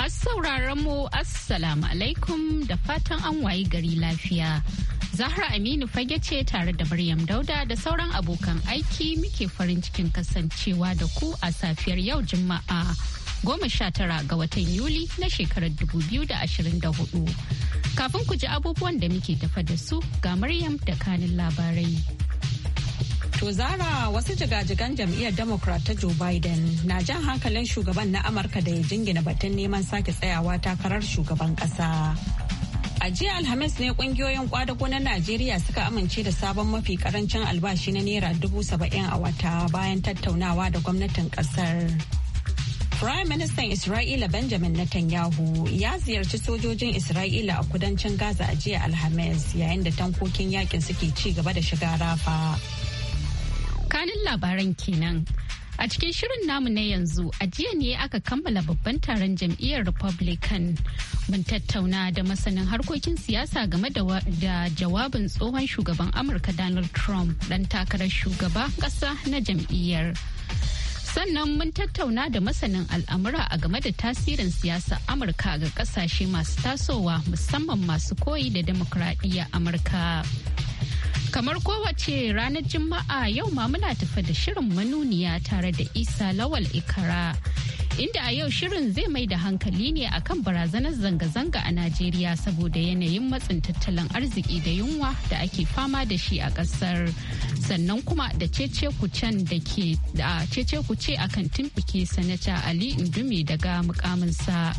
Masu sauraron mu Assalamu alaikum da fatan an wayi gari lafiya. Zahra Aminu fage ce tare da Maryam Dauda da sauran abokan aiki muke farin cikin kasancewa da ku a safiyar yau Juma'a. goma sha tara ga watan Yuli na shekarar dubu biyu da da ashirin hudu. Kafin ku ji abubuwan da muke tafa da su ga Maryam da kanin labarai. To zara wasu jigajigan jam'iyyar Democrat ta Joe Biden na jan hankalin shugaban na Amurka da ya jingina batun neman sake tsayawa takarar shugaban ƙasa. A jiya Alhamis ne kungiyoyin kwadago na Najeriya suka amince da sabon mafi karancin albashi na Naira dubu saba'in a wata bayan tattaunawa da gwamnatin kasar. Prime minister Isra'ila Benjamin Netanyahu ya ziyarci sojojin Isra'ila a kudancin Gaza a jiya Alhamis yayin da tankokin yakin suke ci gaba da shiga rafa. tsakanin labaran kenan. A cikin shirin namu na yanzu, a jiya ne aka kammala babban taron jam'iyyar Republican. Mun tattauna da masanin harkokin siyasa game da jawabin tsohon shugaban Amurka Donald Trump dan takarar shugaba ƙasa na jam'iyyar. Sannan mun tattauna da masanin al'amura a game da tasirin siyasa Amurka ga ƙasashe masu tasowa musamman masu koyi da demokradiyya Amurka. Kamar kowace ranar Juma'a yau ma muna tafa da shirin manuniya tare da Isa Lawal Ikara. Inda a yau shirin zai mai da hankali ne akan barazanar zanga-zanga a Najeriya saboda yanayin matsin tattalin arziki da yunwa da ake fama da shi a ƙasar. Sannan kuma da cece kucen da ke da cece kuce akan sanata Ali Indumi daga mukaminsa.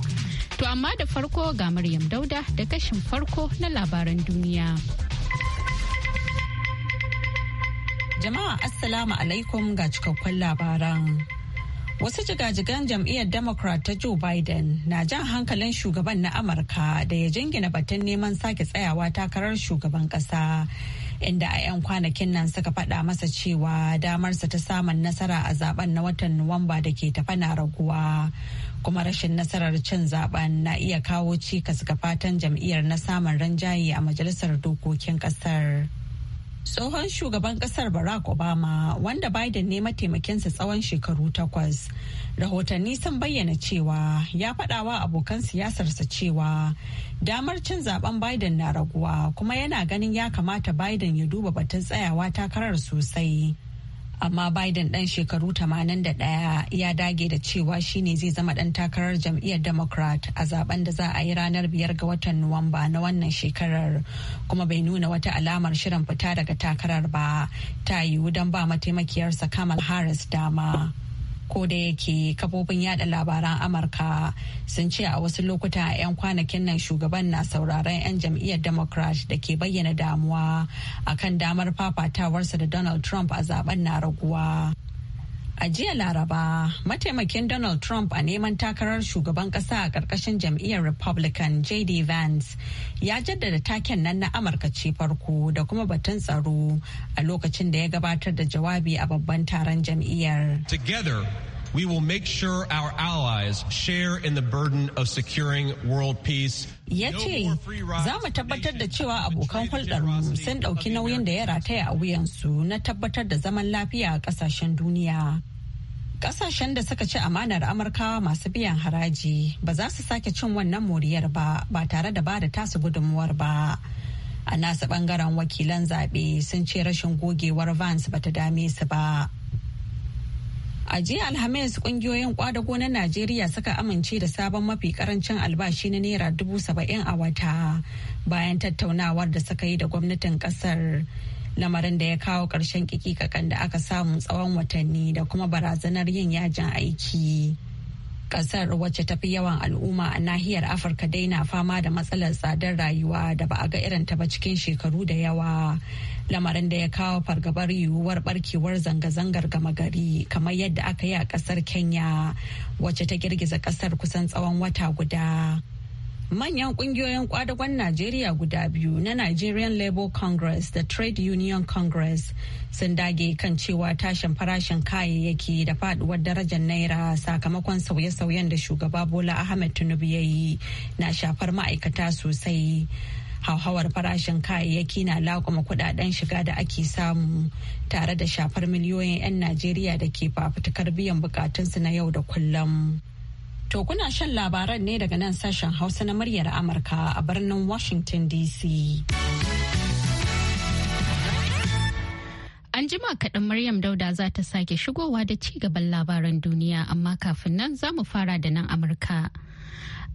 To amma da farko ga Maryam Dauda da kashin farko na labaran duniya. Jama'a Assalamu alaikum ga cikakkun labaran. Wasu jigajigan jam'iyyar Democrat ta Joe Biden na jan hankalin shugaban na Amurka da ya jingina batun neman sake tsayawa takarar shugaban ƙasa. Inda a 'yan kwanakin nan suka faɗa masa cewa damarsa ta samun nasara a zaben na watan Nuwamba da ke tafa na raguwa. Kuma rashin nasarar cin zaben na iya kawo cikas ga fatan jam'iyyar na samun rinjaye a majalisar dokokin ƙasar. tsohon shugaban kasar barack obama wanda biden ne mataimakinsa tsawon shekaru takwas rahotanni sun bayyana cewa ya faɗawa abokan siyasarsa cewa damar cin zaben biden na raguwa kuma yana ganin ya kamata biden ya duba batun tsayawa takarar sosai amma biden dan shekaru 81 ya dage da cewa shine zai zama dan takarar jam'iyyar democrat a zaben da za a yi ranar biyar ga watan nuwamba na wannan shekarar kuma bai nuna wata alamar shirin fita daga takarar ba ta yiwu don ba mataimakiyarsa kamal harris dama ko da yake kafofin yada labaran amurka sun ce a wasu lokuta 'yan kwanakin nan shugaban na sauraron 'yan jam'iyyar democrat da ke bayyana damuwa akan damar fafatawarsa da donald trump a zaben na raguwa A jiya Laraba, mataimakin Donald Trump a neman takarar shugaban kasa a ƙarƙashin jam'iyyar Republican J.D. Vance ya jaddada taken nan na Amurka ce farko da kuma batun tsaro a lokacin da ya gabatar da jawabi a babban taron jam'iyyar. we will make sure our allies share in the burden of securing world peace. Ya ce, za mu tabbatar da cewa abokan hulɗarmu sun ɗauki nauyin da ya rataya a wuyansu na tabbatar da zaman lafiya a ƙasashen duniya. Ƙasashen da suka ci amanar Amurkawa masu biyan haraji ba za su sake cin wannan moriyar ba ba tare da ba da tasu gudunmuwar ba. A nasu ɓangaren wakilan zaɓe sun ce rashin gogewar Vance bata dame su ba. A jiya Alhamis kungiyoyin kwada na Najeriya suka amince da sabon mafi karancin albashi na Naira dubu saba'in a wata bayan tattaunawar da suka yi da gwamnatin kasar. Lamarin da ya kawo ƙarshen kikikakan da aka samu tsawon watanni da kuma barazanar yin yajin aiki. Kasar wacce tafi yawan al'umma a nahiyar Afirka dai na fama da matsalar tsadar rayuwa da ba a ga irin ta ba cikin shekaru da yawa. lamarin da ya kawo fargabar yiwuwar barkewar zanga-zangar gama gari kamar yadda aka yi a kasar kenya wacce ta girgiza kasar kusan tsawon wata guda manyan kungiyoyin kwadagon najeriya guda biyu na nigerian labour congress da trade union congress sun dage kan cewa tashin farashin kayayyaki da faduwar darajar naira sakamakon sauye-sauyen da shugaba bola ahmed tinubu ya yi na shafar ma'aikata sosai hauhawar farashin kayayyaki na lakuma kudaden shiga da ake samu tare da shafar miliyoyin 'yan najeriya da ke fafutukar biyan bukatunsu na yau da kullum to kuna shan labaran ne daga nan sashen hausa na muryar amurka a birnin washington dc An jima kaɗan Maryam Dauda za ta sake shigowa da ci gaban labaran duniya amma kafin nan za mu fara da nan Amurka.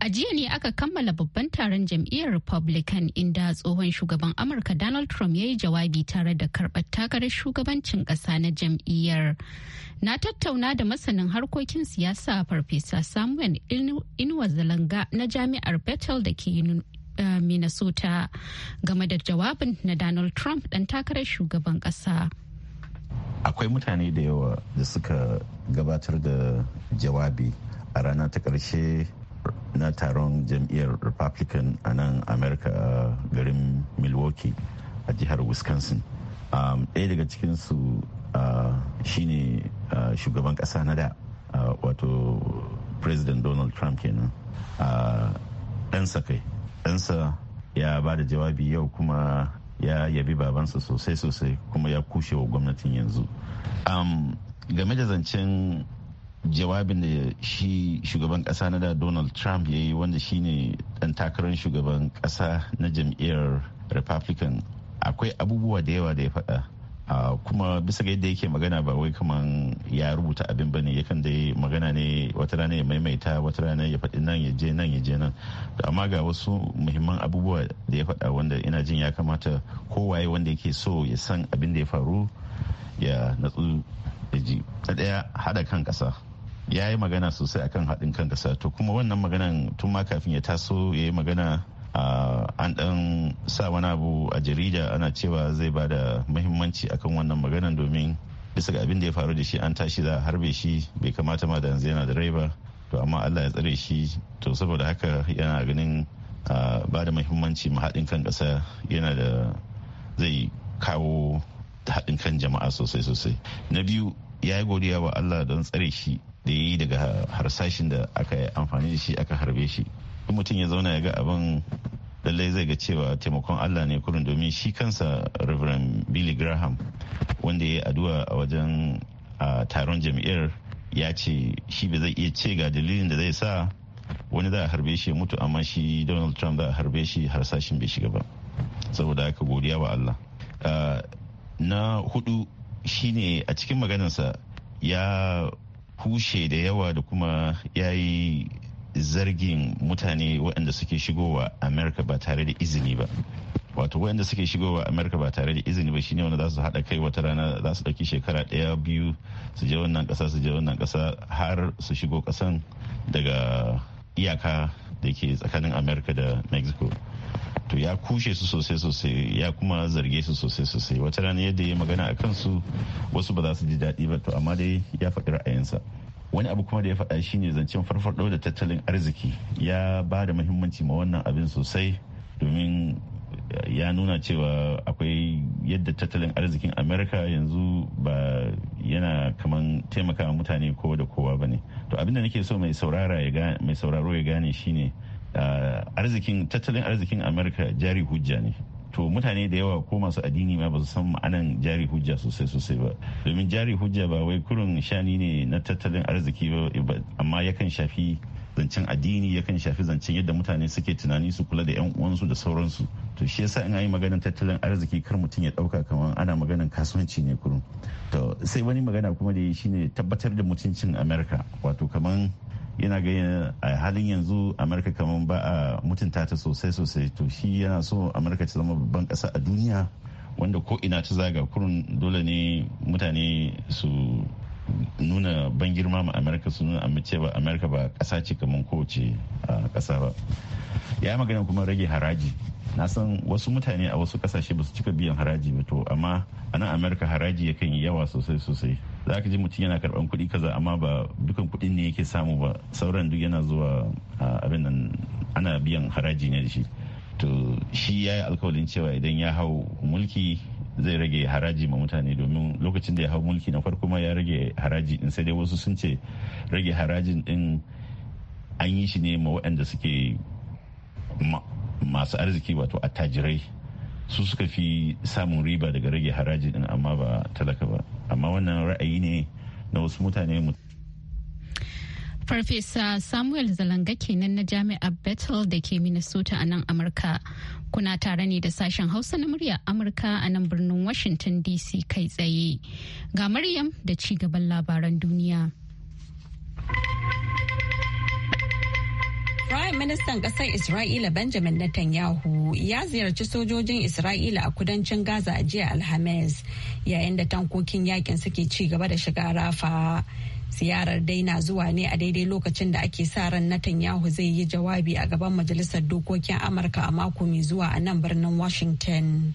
A jiya ne aka kammala babban taron jam'iyyar Republican inda tsohon shugaban Amurka Donald Trump ya yi jawabi tare da karbar takarar shugabancin ƙasa na jam'iyyar. Na tattauna da masanin harkokin siyasa Farfesa Samuel Inuwa Zalanga na Jami'ar Bethel da ke eh, Minnesota game da jawabin na Donald Trump ɗan takarar shugaban ƙasa. Akwai mutane da yawa da suka gabatar da jawabi a ranar ta karshe. na taron jam'iyyar republican a nan america a garin milwaukee a jihar wisconsin um, ɗaya daga cikinsu uh, shine uh, shugaban ƙasa na da uh, wato president donald trump kenan ɗansa kai ɗansa ya ba da jawabi yau kuma ya yabi babansa sosai-sosai kuma ya kushe wa gwamnatin yanzu um, game da zancen jawabin da shi shugaban kasa na da donald trump ya yi wanda shine dan takarar shugaban kasa na jam'iyyar republican akwai abubuwa da yawa da ya faɗa kuma bisa ga yadda yake magana ba wai kaman ya rubuta abin bane yakan da magana ne wata rana ya maimaita wata rana ya faɗi nan ya je nan ya je nan amma ga wasu muhimman abubuwa da ya faɗa wanda ina jin ya kamata kowaye wanda yake so ya san abin da ya faru ya natsu da ji na ɗaya haɗa kan ƙasa ya yi magana sosai akan haɗin kan ƙasa to kuma wannan maganan tun ma kafin ya taso ya yi magana an ɗan sa wani abu a jarida ana cewa zai ba da muhimmanci akan wannan maganan domin bisa ga abin da ya faru da shi an tashi za a harbe shi bai kamata ma da yanzu yana da rai ba to amma allah ya tsare shi to saboda haka yana ganin ba da muhimmanci ma haɗin kan ƙasa yana da zai kawo haɗin kan jama'a sosai sosai na biyu ya yi godiya wa allah don tsare shi da ya yi daga harsashin da aka yi amfani da shi aka harbe shi in mutum ya zauna ya ga abin lallai zai ga cewa taimakon allah ne kurin domin shi kansa reverend billy graham wanda ya yi addu'a a wajen taron jam'iyyar ya ce shi ba zai iya ce ga dalilin da zai sa wani za a harbe shi mutu amma shi donald trump za a harbe shi harsashin bai shiga ba saboda haka godiya wa allah ah, na hudu shine a cikin maganarsa ya kushe da yawa da kuma ya yi zargin mutane waɗanda suke shigowa amerika ba tare da izini ba wato waɗanda suke shigowa amerika ba tare da izini ba shine wanda za su haɗa kai wata rana za su ɗauki shekara ɗaya biyu su je wannan ƙasa su je wannan ƙasa har su shigo ƙasan daga iyaka da ke tsakanin amerika da mexico to ya kushe su sosai sosai ya kuma zarge su sosai sosai wata rana yadda ya magana a kansu wasu ba za su ji daɗi ba to amma dai ya faɗi ra'ayinsa wani abu kuma da ya faɗa shine zancen farfaɗo da tattalin arziki ya ba da muhimmanci ma wannan abin sosai domin eh, ya nuna cewa akwai yadda tattalin arzikin amerika yanzu ba yana kaman taimaka mutane kowa da kowa ba ne to abinda nake so mai sauraro ya gane shine arzikin tattalin arzikin amerika jari hujja ne to mutane da yawa ko masu addini ma ba su san ma'anan jari hujja sosai sosai ba domin jari hujja ba wai kurin shani ne na tattalin arziki ba amma yakan shafi zancen addini yakan shafi zancen yadda mutane suke tunani su kula da yan uwansu da sauransu to shi yasa in yi maganar tattalin arziki kar mutum ya dauka kamar ana maganar kasuwanci ne kurun to sai wani magana kuma da shi ne tabbatar da mutuncin amerika wato kamar yana ga a halin yanzu amurka kamar ba a mutunta ta sosai sosai to shi yana so amurka ta zama babban kasa a duniya wanda ko ina ta zaga kurun dole ne mutane su nuna ban girma ma amurka su nuna amince ba amurka ba kasa ce kamar kowace kasa ba ya magana kuma rage haraji na san wasu mutane a wasu kasashe ba su cika biyan haraji ba to amma a nan amurka haraji yakan yi yawa sosai sosai za ka ji mutum yana karban kuɗi kaza amma ba dukan kuɗin ne yake samu ba sauran duk yana zuwa abin nan ana biyan haraji ne da shi to shi ya yi alkawalin cewa idan ya hau mulki zai rage haraji ma mutane domin lokacin da ya hau mulki na farko ma ya rage haraji din sai dai wasu sun ce rage harajin din an yi shi ne ma waɗanda suke masu arziki wato attajirai su suka fi samun riba daga rage haraji din amma ba talaka ba amma wannan ra'ayi ne na wasu mutane Farfesa Samuel Zalanga kenan na Jami'ar Bethel da ke Minnesota a nan Amurka. Kuna tare ne da sashen Hausa na murya Amurka a nan birnin Washington DC kai tsaye. Ga Maryam da ci gaban labaran duniya. Prime minister kasar Isra'ila Benjamin Netanyahu ya ziyarci sojojin Isra'ila a kudancin Gaza a jiya Alhamis yayin da tankokin yakin suke ci gaba da shiga rafa. Ziyarar dai na zuwa ne a daidai lokacin da ake sa ran Netanyahu zai yi jawabi a gaban Majalisar Dokokin Amurka a mako mai zuwa a nan birnin Washington.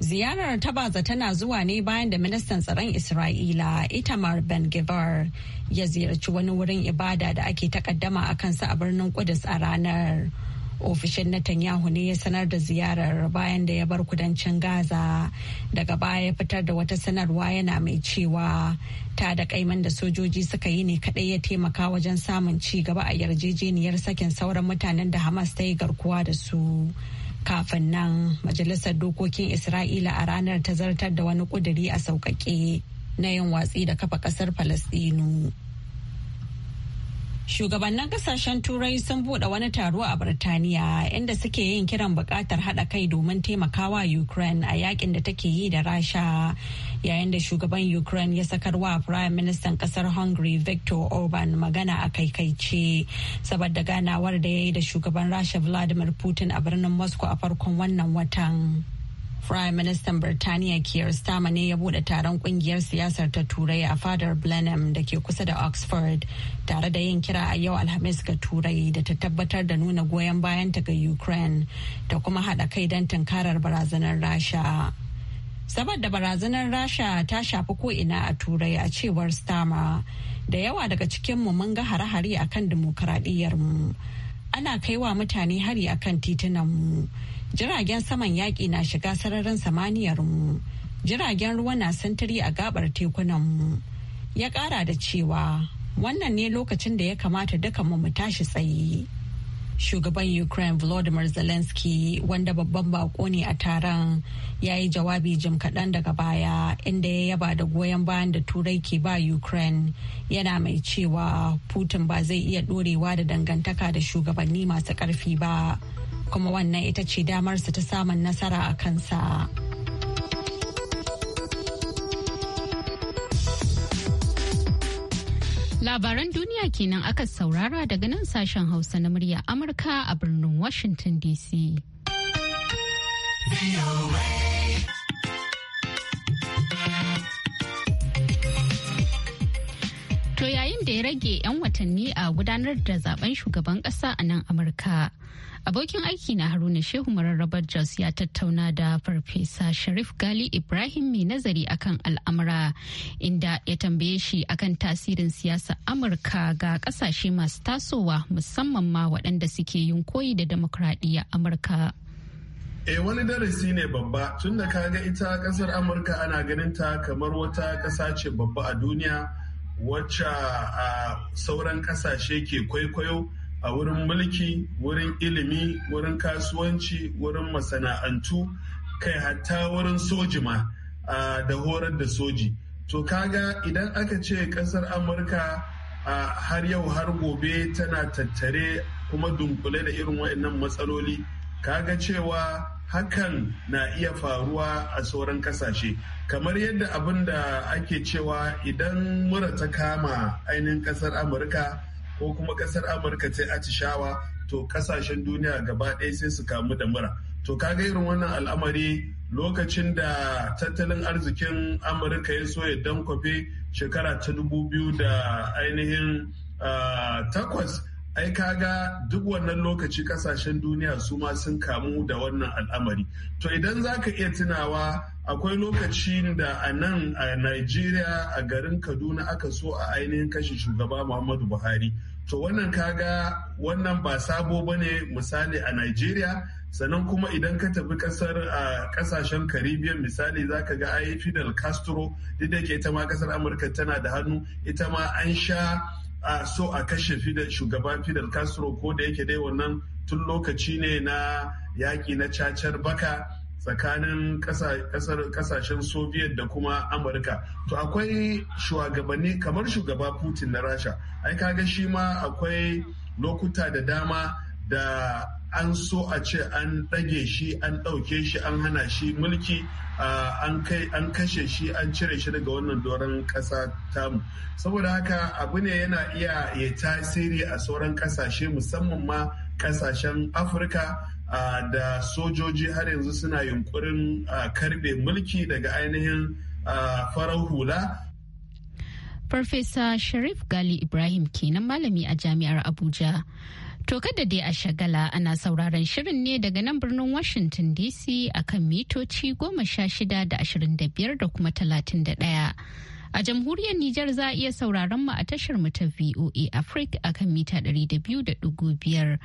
Ziyarar ta baza tana zuwa ne bayan da ministan tsaron Isra'ila Itamar Ben ya ziyarci wani wurin ibada da ake takaddama a kansa a birnin Kudus a ranar. Ofishin Netanyahu ne ya sanar da ziyarar bayan da ya bar kudancin Gaza daga baya ya fitar da wata sanarwa yana mai cewa ta da kaiman da sojoji suka yi ne kadai ya taimaka wajen samun ci gaba a yarjejeniyar sakin sauran mutanen da Hamas ta yi garkuwa da su. kafin nan majalisar dokokin isra'ila a ranar ta zartar da wani kuduri a sauƙaƙe na yin watsi da kafa ƙasar Falastinu. Shugabannin kasashen Turai sun buɗe wani taro a Birtaniya inda suke yin kiran buƙatar haɗa kai domin taimakawa Ukraine a yakin da take yi da Rasha. Yayin da shugaban Ukraine ya sakarwa Prime Minister' kasar Hungary Viktor Orban magana a kaikaice saboda ganawar da ya yi da shugaban Rasha Vladimir Putin a birnin Moscow a farkon wannan watan. Prime Ministan Birtaniya Keir Starmer ne ya bude taron kungiyar siyasar ta Turai a fadar Blenheim da ke kusa da Oxford tare da yin kira a yau Alhamis ga Turai da ta tabbatar da nuna goyon bayanta ga Ukraine da kuma haɗa kai don tunkarar barazanar Rasha. da barazanar Rasha ta shafi ko'ina a Turai a cewar Starmer da yawa daga cikinmu mun ga hare-hare akan dimokuraɗiyyarmu. Ana kaiwa mutane hari akan titunanmu. mu. jiragen saman yaƙi na shiga sararin samaniyar mu jiragen ruwa na sintiri a gabar tekunan mu ya ƙara da cewa wannan ne lokacin da ya kamata dukanmu mu tashi tsaye shugaban ukraine volodymyr zelensky wanda babban bako ne a taron ya yi jawabi jim kaɗan daga baya inda ya yaba da goyon bayan da turai ke ba ukraine yana mai cewa putin ba zai iya ɗorewa da dangantaka da shugabanni masu ƙarfi ba kuma wannan ita ce damarsa ta samun nasara a kansa. Labaran duniya kenan aka saurara daga nan sashen Hausa na murya Amurka a birnin Washington DC. da ya rage 'yan watanni a gudanar da zaben shugaban kasa a nan Amurka. Abokin aiki na Haruna Shehu Mararrabar Jos ya tattauna da Farfesa Sharif Gali Ibrahim mai nazari akan al'amura inda ya tambaye shi akan tasirin siyasa Amurka ga kasashe masu tasowa musamman ma waɗanda suke yin koyi da demokradiyya Amurka. E wani darasi ne babba tun da kaga ita ƙasar Amurka ana ganin ta kamar wata ƙasa ce babba a duniya. wacce a sauran kasashe ke kwaikwayo a wurin mulki wurin ilimi wurin kasuwanci wurin masana'antu kai hatta wurin soji ma da horar da soji to kaga idan aka ce kasar amurka har yau har gobe tana tattare kuma dunkule da irin waɗannan matsaloli kaga cewa hakan na iya faruwa a sauran kasashe kamar yadda abin da ake cewa idan mura ta kama ainihin kasar amurka ko kuma kasar amurka ta shawa to kasashen duniya gaba ɗaya sai su kamu da mura to kaga irin wannan al'amari lokacin da tattalin arzikin amurka ya so ya dankwafe shekara ta dubu biyu da ainihin ah, takwas ai kaga duk wannan lokaci kasashen duniya su ma sun kamu da wannan al'amari to idan za ka iya tunawa akwai lokacin da a nan a nigeria a garin kaduna aka so a ainihin kashe shugaba muhammadu buhari to wannan kaga wannan ba sabo ba ne misali a nigeria sannan kuma idan ka tafi kasar a kasashen caribbean misali za ka ga ai fidel castro duk da ke ita ma kasar amurka tana da hannu ita ma an sha a so a kashe shugaban fidel castro ko da yake dai wannan tun lokaci ne na yaƙi na cacar baka tsakanin kasashen soviet da kuma amurka to akwai shugabanni kamar shugaba putin na rasha ai kaga shi ma akwai lokuta da dama da an so a ce an ɗage shi an ɗauke shi an hana shi mulki an kashe shi an cire shi daga wannan doron ƙasa tamu saboda haka abu ne yana iya ya tasiri a sauran ƙasashe musamman ma ƙasashen afirka da sojoji har yanzu suna yunkurin karɓe mulki daga ainihin farar hula Farfesa Sharif Gali Ibrahim kenan malami a Jami'ar Abuja. To kada dai a shagala ana sauraron shirin ne daga nan birnin Washington DC a kan mitoci goma sha shida da ashirin da biyar da kuma talatin da ɗaya. A jamhuriyar Nijar za a iya sauraron mu a tashar mu ta VOA Africa a kan mita ɗari da biyu da ɗugu biyar.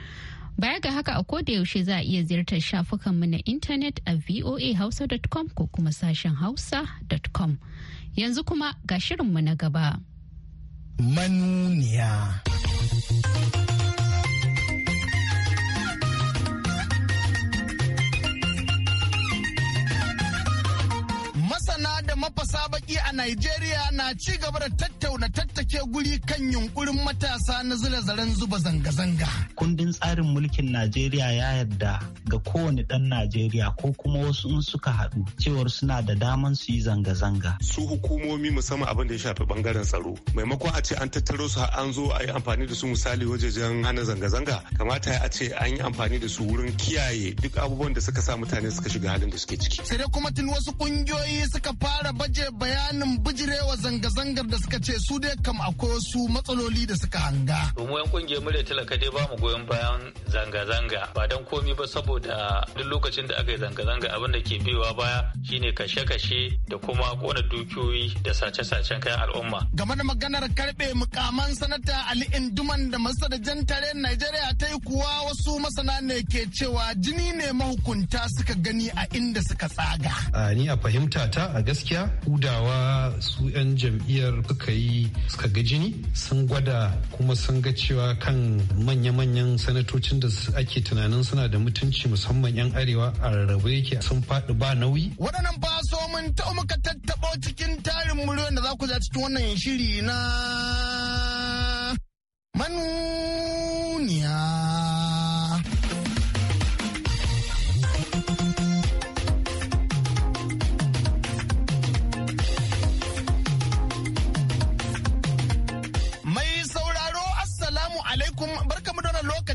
Baya ga haka a koda yaushe za a iya ziyartar shafukan mu na intanet a voahausa.com ko kuma sashen hausa.com. Yanzu kuma ga shirin mu na gaba. Manuniya. rana da mafasa baki a Najeriya na ci gaba da tattauna tattake guri kan yunkurin matasa na zira zaren zuba zanga-zanga. Kundin tsarin mulkin Najeriya ya yarda ga kowane dan Najeriya ko kuma wasu in suka haɗu cewar suna da daman su yi zanga-zanga. Su hukumomi musamman abin da ya shafi bangaren tsaro. Maimakon a ce an tattaro su an zo a yi amfani da su misali wajejen hana zanga-zanga kamata a ce an yi amfani da su wurin kiyaye duk abubuwan da suka sa mutane suka shiga halin da suke ciki. Sai kuma tun wasu kungiyoyi suka suka fara baje bayanin bijirewa zanga-zangar da suka ce su dai kam akwai wasu matsaloli da suka hanga. Domin kungiyar murya talaka dai ba mu goyon bayan zanga-zanga ba don komi ba saboda duk lokacin da aka yi zanga-zanga abin da ke biyowa baya shine kashe-kashe da kuma kona dukiyoyi da sace-sacen kayan al'umma. Game da maganar karbe mukaman sanata Ali Induman da masarajen tare Najeriya ta yi kuwa wasu masana ne ke cewa jini ne mahukunta suka gani a inda suka tsaga. Ni a fahimta ta a gaskiya hudawa su 'yan jam'iyyar suka yi suka ga jini sun gwada kuma sun ga cewa kan manya-manyan sanatocin da ake tunanin suna da mutunci musamman 'yan arewa a rarrabe yake sun faɗi ba nauyi waɗannan ba so mun taɓa muka tattaɓo cikin tarin muryoyin da za ku cikin wannan shiri na manuniya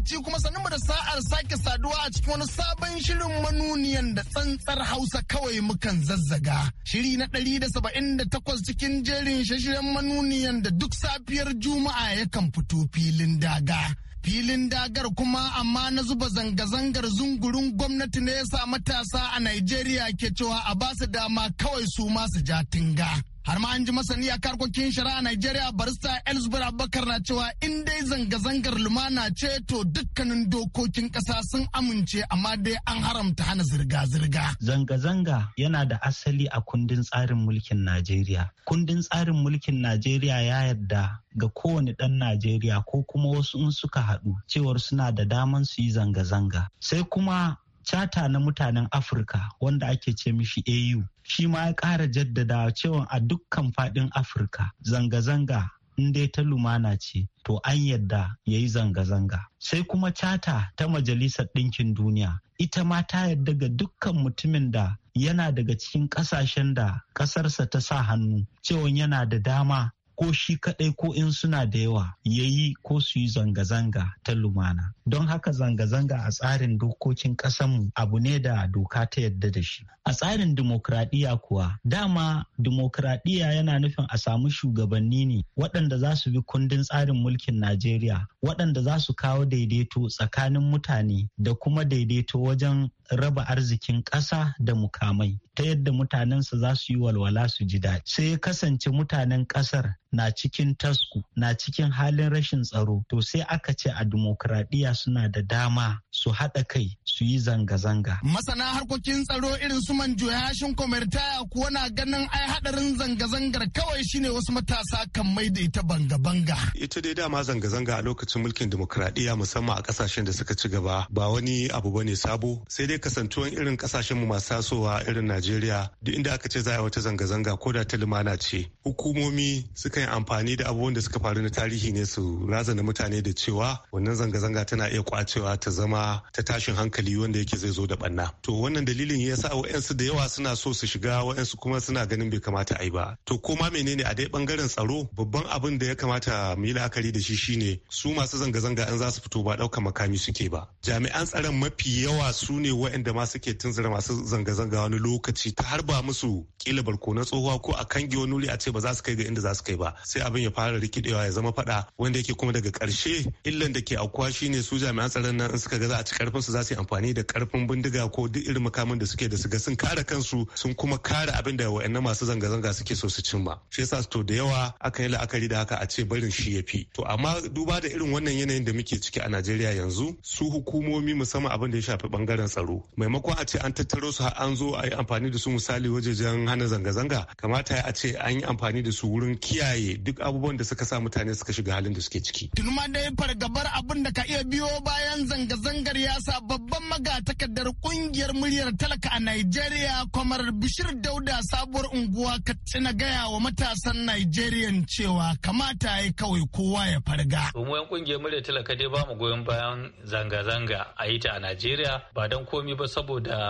lokaci kuma sanin mu da sa'ar sake saduwa a cikin wani sabon shirin manuniyan da tsantsar Hausa kawai mukan zazzaga. Shiri na ɗari da saba'in da takwas cikin jerin shashiren manuniyan da duk safiyar Juma'a yakan fito filin daga. filin dagar kuma amma na zuba zanga-zangar zungurin gwamnati ne ya sa matasa a Najeriya ke cewa a basu dama kawai su masu jatinga. har ma an ji masani a karkokin shari'a Najeriya barista Elsbir Abubakar na cewa in dai zanga-zangar lumana ce to dukkanin dokokin ƙasa sun amince amma dai an haramta hana zirga-zirga. Zanga-zanga yana da asali a kundin tsarin mulkin Najeriya. Kundin tsarin mulkin Najeriya ya yarda ga kowane ɗan Najeriya ko kuma wasu in suka haɗu cewar suna da daman su yi zanga-zanga. Sai kuma Chata na mutanen Afirka wanda ake ce mishi AU shi ma ya ƙara jaddada cewa a dukkan faɗin afirka zanga-zanga in dai ta lumana ce to an yadda ya yi zanga-zanga sai kuma cata ta majalisar ɗinkin duniya ita ma ta yadda ga dukkan mutumin da yana daga cikin ƙasashen da ƙasarsa ta sa hannu cewa yana da dama ko shi kaɗai ko in suna da yawa ya yi ko su yi zanga-zanga ta lumana. Don haka zanga-zanga a tsarin dokokin ƙasanmu abu ne da doka ta yadda da shi. A tsarin dimokuraɗiyya kuwa dama dimokuraɗiyya yana nufin a samu shugabanni ne waɗanda za su bi kundin tsarin mulkin Najeriya waɗanda za su kawo daidaito tsakanin mutane da kuma daidaito wajen raba arzikin ƙasa da mukamai ta yadda mutanensa za su yi walwala su ji daɗi sai ya kasance mutanen ƙasar na cikin tasku na cikin halin rashin tsaro to sai aka ce a dimokuraɗiyya suna da dama su haɗa kai su yi zanga-zanga. Masana harkokin tsaro irin su manjo yashin komertaya kuwa na ganin ai haɗarin zanga-zangar kawai shine wasu matasa kan mai da ita banga-banga. Ita dai dama zanga-zanga a lokacin mulkin dimokuraɗiyya musamman a ƙasashen da suka ci gaba ba wani abu bane sabo sai dai dai kasantuwan irin kasashen mu masu tasowa irin Najeriya duk inda aka ce za a wata zanga-zanga ko da ta limana ce hukumomi suka yi amfani da abubuwan da suka faru na tarihi ne su razana mutane da cewa wannan zanga-zanga tana iya kwacewa ta zama ta tashin hankali wanda yake zai zo da banna to wannan dalilin ya sa wa'yansu da yawa suna so su shiga wa'yansu kuma suna ganin bai kamata a yi ba to koma menene a dai bangaren tsaro babban abin da ya kamata mu yi la'akari da shi shine su masu zanga-zanga an za su fito ba ɗaukar makami suke ba jami'an tsaron mafi yawa su ne waɗanda ma suke tunzura masu zanga-zanga wani lokaci ta harba musu kila barko na tsohuwa ko a kange wani wuri a ce ba za su kai ga inda za su kai ba sai abin ya fara rikidewa ya zama fada wanda yake kuma daga karshe illan da ke shi shine su jami'an tsaron nan in suka ga za a ci karfin su za su yi amfani da karfin bindiga ko duk irin makamin da suke da su ga sun kare kansu sun kuma kare abin da waɗannan masu zanga-zanga suke so su cimma shi yasa to da yawa aka yi la'akari da haka a ce barin shi ya fi to amma duba da irin wannan yanayin da muke ciki a Najeriya yanzu su hukumomi musamman abin da ya shafi bangaren tsaro tsaro maimakon a ce an tattaro su har an zo a yi amfani da su misali wajejen hana zanga-zanga kamata a ce an yi amfani da su wurin kiyaye duk abubuwan da suka sa mutane suka shiga halin da suke ciki. Tunuma dai fargabar abin da ka iya biyo bayan zanga-zangar ya sa babban magatakardar kungiyar muryar talaka a nigeria kwamar Bishir Dauda sabuwar unguwa Katsina gaya wa matasan nigerian cewa kamata ya kawai kowa ya farga. kungiyar muryar talaka dai ba mu goyon bayan zanga-zanga a yi ta a Najeriya ba don komi. komi ba saboda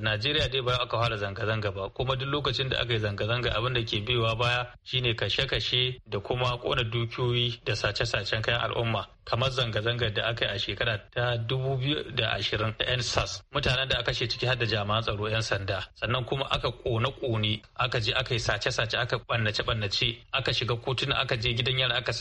najeriya dai bayan aka fara zanga-zanga ba kuma duk lokacin da aka yi zanga-zanga abin da ke biyowa baya shine kashe-kashe da kuma kona dukiyoyi da sace-sacen kayan al'umma kamar zanga zanga da aka yi a shekara ta ashirin ta nsas mutanen da aka ce ciki har da jami'an tsaro 'yan sanda sannan kuma aka kone-kone aka je aka yi sace-sace aka bannace-bannace aka shiga kotuna aka je gidan yara aka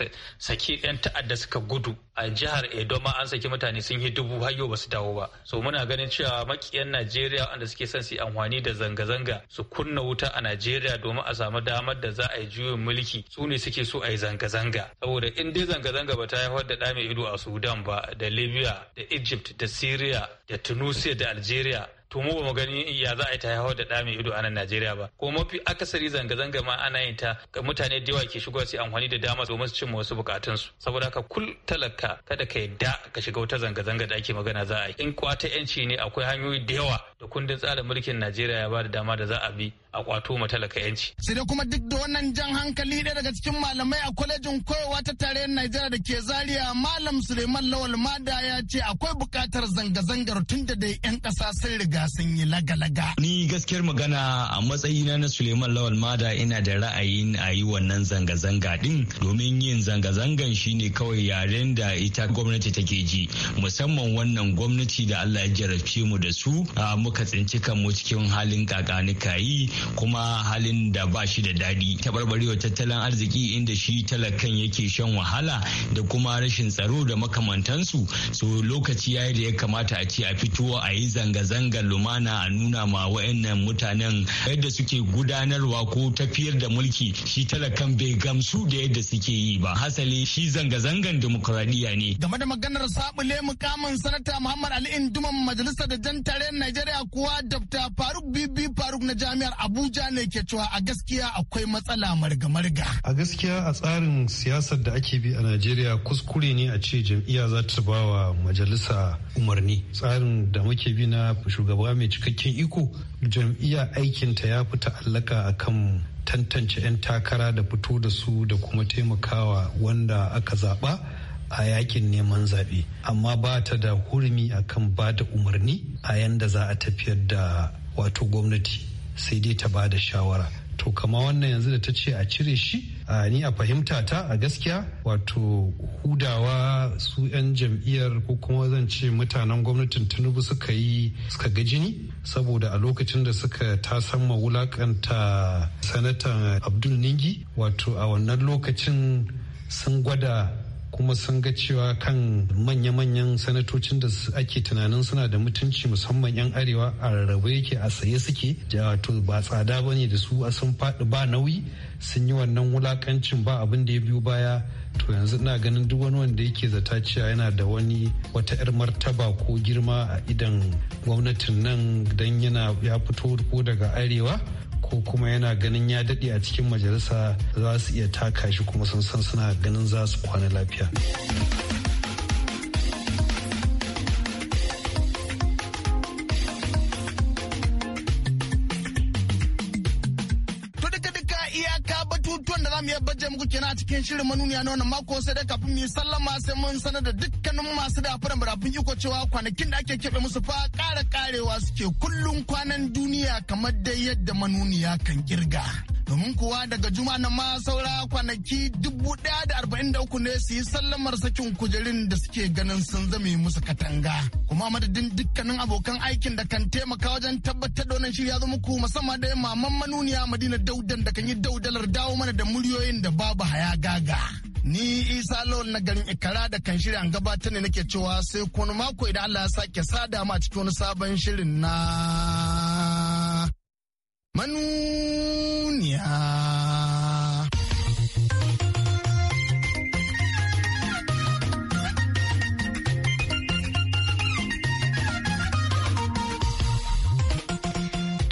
saki 'yan ta'adda suka gudu a jihar edo ma an saki mutane sun yi dubu har yau ba su dawo ba so muna ganin cewa makiyan Najeriya wanda suke son su yi amfani da zanga-zanga su kunna wuta a Najeriya domin a samu damar da za a yi juyin mulki su ne suke so a yi zanga-zanga saboda in dai zanga-zanga ba ta haifar da ɗame ido a Sudan ba da Libya da Egypt da Syria da Tunisia da Algeria to mu ba mu gani ya za a yi ta haihuwa da ɗa mai ido a nan Najeriya ba ko mafi akasari zanga-zanga ma ana yin ta ga mutane da yawa ke shigowa su amfani da dama domin su cimma wasu su saboda haka kul talaka kada ka yadda ka shiga wata zanga-zanga da ake magana za a yi in kwata yanci ne akwai hanyoyi da yawa da kundin tsarin mulkin Najeriya ya ba da dama da za a bi a kwato ma talaka yanci. Sai dai kuma duk da wannan jan hankali ɗaya daga cikin malamai a kwalejin koyarwa ta tarayyar Najeriya da ke Zariya Malam Suleiman Lawal Mada ya ce akwai buƙatar zanga-zangar tun da dai 'yan ƙasa sun riga sun yi laga-laga. Ni gaskiyar magana a matsayina na Suleiman Lawal Mada ina da ra'ayin a yi wannan zanga-zanga ɗin domin yin zanga-zangan shine kawai yaren da ita gwamnati take ji musamman wannan gwamnati da Allah ya jarabce mu da su muka tsinci kanmu cikin halin kakanika yi kuma halin da ba shi da daɗi taɓarɓarewa tattalin arziki inda shi talakan yake shan wahala da kuma rashin tsaro da makamantansu so lokaci ya da ya kamata a ce a fito a yi zanga zanga lumana a nuna ma wa'annan mutanen yadda suke gudanarwa ko tafiyar da mulki shi talakan bai gamsu da yadda suke yi ba hasali shi zanga-zangan demokuraɗiyya ne game da maganar sabule mukamin sanata muhammad ali induman majalisar da jan tarayyar najeriya kuwa dr faruk bibi faruk na jami'ar Abuja ne ke cewa a gaskiya akwai matsala marga-marga. A gaskiya a tsarin siyasar da ake bi a Najeriya kuskure ne a ce jam'iyya za ta ba wa majalisa umarni. Tsarin da muke bi na shugaba mai cikakken iko jam'iyya aikinta ya fi ta'allaka kan tantance 'yan takara da fito da su da kuma taimakawa wanda aka zaɓa a yakin neman zaɓe amma ba ta da hurumi akan ba da umarni a yanda za a tafiyar da wato gwamnati sai dai ta ba da shawara to kama wannan yanzu da ta ce a cire shi a ni a fahimta ta a gaskiya wato hudawa su 'yan jam'iyyar ko kuma zan ce mutanen gwamnatin tinubu suka yi suka ga jini saboda a lokacin da suka ta san wulakanta sanata abdul ningi wato a wannan lokacin sun gwada kuma sun ga cewa kan manya-manyan sanatocin da ake tunanin suna da mutunci musamman 'yan arewa a rarrabe yake a saye suke wato ba tsada ba ne da su a sun faɗi ba nauyi sun yi wannan wulakancin ba abin da ya biyu baya to yanzu ina ganin duk wani wanda yake zata cewa yana da wani wata 'yar martaba ko girma a idan gwamnatin nan dan yana ya fito ko daga arewa ko kuma yana ganin ya daɗe a cikin majalisa za su iya taka shi kuma sun san suna ganin za su kwana lafiya. batutuwan da za mu yi baje muku kenan a cikin shirin manuniya na wannan mako sai dai kafin mu sallama sai mun sanar da dukkanin masu da fara barafin iko cewa kwanakin da ake keɓe musu fa ƙara ƙarewa suke kullun kwanan duniya kamar dai yadda manuniya kan kirga. domin kuwa daga juma na ma saura kwanaki dubu daya da arba'in da uku ne su yi sallamar sakin kujerun da suke ganin sun zame musu katanga kuma madadin dukkanin abokan aikin da kan taimaka wajen tabbatar da wannan shirya zo muku musamman da maman manuniya madina daudan da kan yi daudalar dawo mana da muryoyin da babu haya gaga ni isa lawal na garin ikara da kan shirya gabata ne nake cewa sai kuma mako idan allah ya sake sada ma cikin wani sabon shirin na manu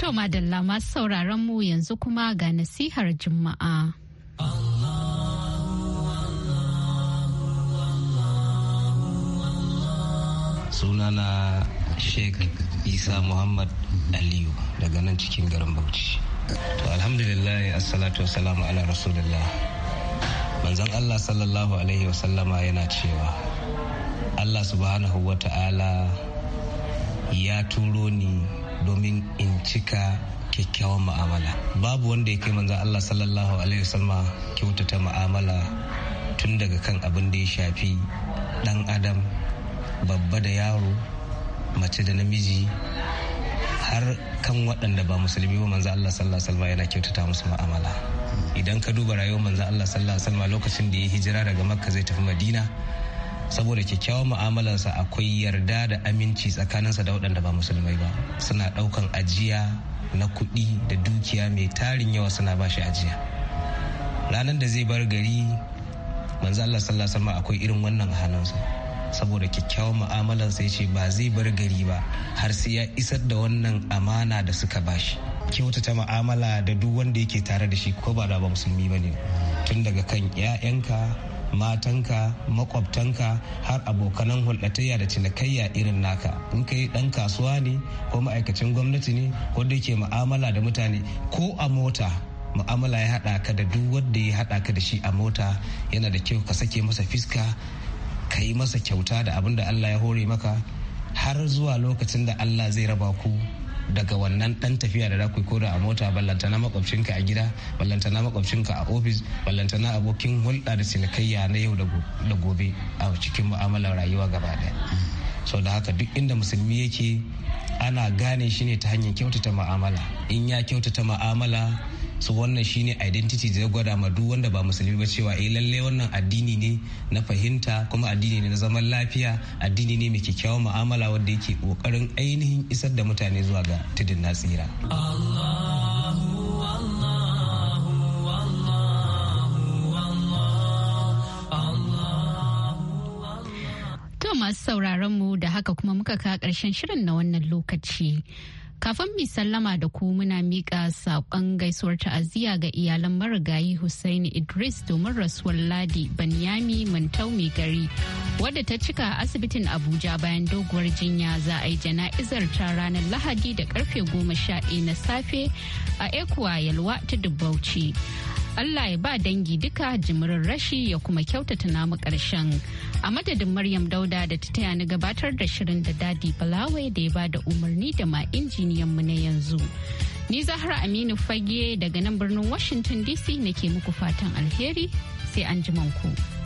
To madalla masu sauraron mu yanzu kuma ga nasihar Juma'a. Sunana Sheikh Isa Muhammad Aliyu daga nan cikin garin Bauchi. To alhamdulillah assalatu wassalamu ala rasulullah. Manzon Allah sallallahu alaihi wasallama yana cewa Allah subhanahu wa ta'ala ya turo ni domin in cika kyakkyawan ma'amala. babu wanda ya kai manzan Allah sallallahu alaihi wasallama kyautata ma'amala tun daga kan abin da ya shafi dan adam babba da yaro mace da namiji har kan waɗanda ba musulmi ba manzan Allah sallallahu alaihi wasallama yana kyautata musu ma'amala idan ka duba rayuwar manzan Allah sallallahu alaihi wasallama lokacin da ya hijira daga makka zai tafi madina saboda kyakkyawan mu'amalansa akwai yarda da aminci tsakaninsa da waɗanda ba musulmai ba suna ɗaukan ajiya na kuɗi da dukiya mai tarin yawa suna ba shi ajiya ranar da zai bar gari manzo Allah sallallahu alaihi akwai irin wannan halinsa saboda kyakkyawan mu'amalansa ya ce ba zai bar gari ba har sai ya isar da wannan amana da suka ba bashi kyautata mu'amala da duk wanda yake tare da shi ko ba da ba musulmi ba ne tun daga kan 'ya'yanka matanka makwabtanka har abokanan hulɗatayya da cinikayya irin naka in kai ɗan kasuwa ne ko ma'aikacin gwamnati ne ko da ke mu'amala da mutane ko a mota mu'amala ya haɗa ka da duk wanda ya haɗa ka da shi a mota yana da kyau ka sake masa fiska ka yi masa kyauta da abin da Allah ya hore maka har zuwa lokacin da Allah zai raba ku daga wannan dan tafiya da zaku ko da a mota ballantana makwabcinka a gida ballantana makwabcinka a ofis ballantana abokin hulɗa da sinikayya na yau da gobe a cikin mu'amalar rayuwa gaba ɗaya sau da haka duk inda musulmi yake ana gane shi ne ta hanyar kyautata ma'amala in ya kyautata ma'amala so wannan shine identity zai gwada ma duk wanda ba musulmi ba cewa eh lalle wannan addini ne na fahimta kuma addini ne na zaman lafiya addini ne mai kyakkyawan mu'amala wanda yake kokarin ainihin isar da mutane zuwa ga tudun nasira To masu sauraron mu da haka kuma muka ka ƙarshen shirin na wannan lokaci. Kafin mai sallama da ku muna miƙa saƙon gaisuwar ta'aziyya ga iyalan marigayi Hussaini Idris domin rasuwar Ladi Banyami Mantau mai gari wadda ta cika asibitin Abuja bayan doguwar jinya za a yi jana'izar ta ranar Lahadi da karfe goma sha na safe a Ekuwa Yalwa ta Dubbauci. Allah ya ba dangi duka jimirin rashi ya kuma kyautata namu ƙarshen. A madadin Maryam Dauda da ta taya ni gabatar da shirin da Dadi Balawai da ya ba da umarni da ma injiniyan mu na yanzu. Ni Zahra Aminu Fage daga nan birnin Washington DC nake muku fatan alheri sai an ku.